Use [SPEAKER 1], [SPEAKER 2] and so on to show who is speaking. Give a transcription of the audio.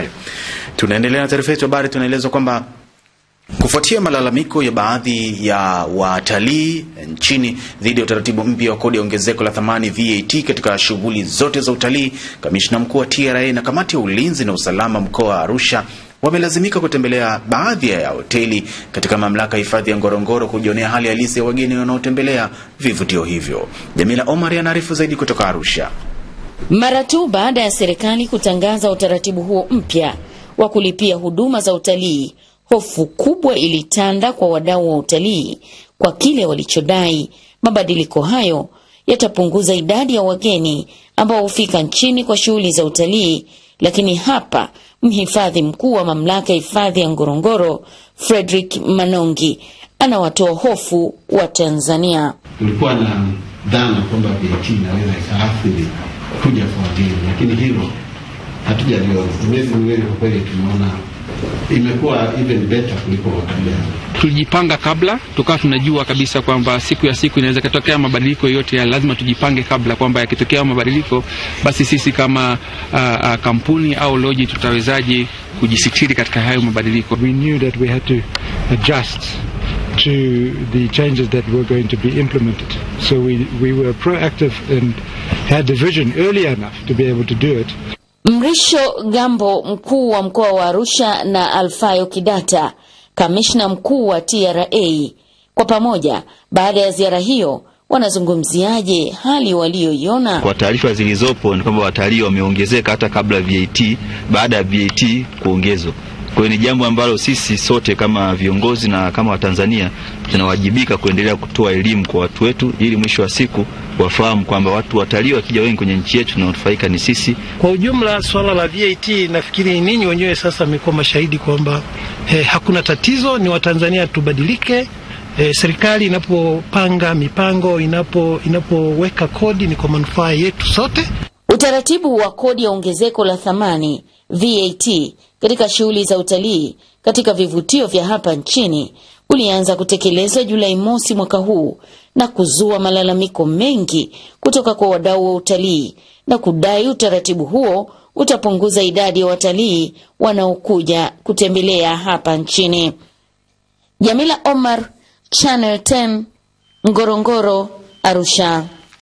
[SPEAKER 1] yajayo. Tunaendelea na taarifa yetu habari, tunaelezwa kwamba kufuatia malalamiko ya baadhi ya watalii nchini dhidi ya utaratibu mpya wa kodi ya ongezeko la thamani VAT katika shughuli zote za utalii, kamishna mkuu wa TRA na kamati ya ulinzi na usalama mkoa wa Arusha wamelazimika kutembelea baadhi ya hoteli katika mamlaka ya hifadhi ya Ngorongoro kujionea hali halisi ya wageni wanaotembelea vivutio hivyo. Jamila Omar anaarifu zaidi kutoka Arusha.
[SPEAKER 2] Mara tu baada ya serikali kutangaza utaratibu huo mpya wa kulipia huduma za utalii, hofu kubwa ilitanda kwa wadau wa utalii kwa kile walichodai mabadiliko hayo yatapunguza idadi ya wageni ambao hufika nchini kwa shughuli za utalii. Lakini hapa mhifadhi mkuu wa mamlaka ya hifadhi ya Ngorongoro Frederick Manongi anawatoa hofu wa Tanzania.
[SPEAKER 3] Tulikuwa na dhana kwamba beti inaweza ikaathiri kuja kwa wageni, lakini hilo hatujaliona. Miezi miwili kwa kweli tumeona imekuwa even better kuliko wakati.
[SPEAKER 4] Tulijipanga kabla, tukawa tunajua kabisa kwamba siku ya siku inaweza ikatokea mabadiliko yote ya lazima tujipange kabla kwamba yakitokea mabadiliko, basi sisi kama uh, uh, kampuni au loji tutawezaje kujisitiri katika hayo mabadiliko.
[SPEAKER 5] We knew that we had to adjust to the changes that were going to be implemented. So we, we were proactive and had the vision early enough to be able to do it.
[SPEAKER 2] Mrisho Gambo, mkuu wa mkoa wa Arusha na Alfayo Kidata, kamishna mkuu wa TRA, kwa pamoja baada ya ziara hiyo wanazungumziaje hali walioiona?
[SPEAKER 1] Kwa taarifa zilizopo ni kwamba watalii wameongezeka hata kabla VAT, baada ya VAT kuongezwa. Kwa hiyo ni jambo ambalo sisi sote kama viongozi na kama Watanzania tunawajibika kuendelea kutoa elimu kwa watu wetu, ili mwisho wa siku wafahamu kwamba watu watalii wakija wengi kwenye nchi yetu tunanufaika ni sisi
[SPEAKER 6] kwa ujumla. Swala la VAT nafikiri ninyi wenyewe sasa mmekuwa mashahidi kwamba eh, hakuna tatizo, ni Watanzania tubadilike. Eh, serikali inapopanga mipango, inapo inapoweka kodi ni kwa manufaa yetu sote.
[SPEAKER 2] Utaratibu wa kodi ya ongezeko la thamani VAT katika shughuli za utalii katika vivutio vya hapa nchini ulianza kutekelezwa Julai mosi mwaka huu na kuzua malalamiko mengi kutoka kwa wadau wa utalii na kudai utaratibu huo utapunguza idadi ya watalii wanaokuja kutembelea hapa nchini. Jamila Omar, Channel 10, Ngorongoro, Arusha.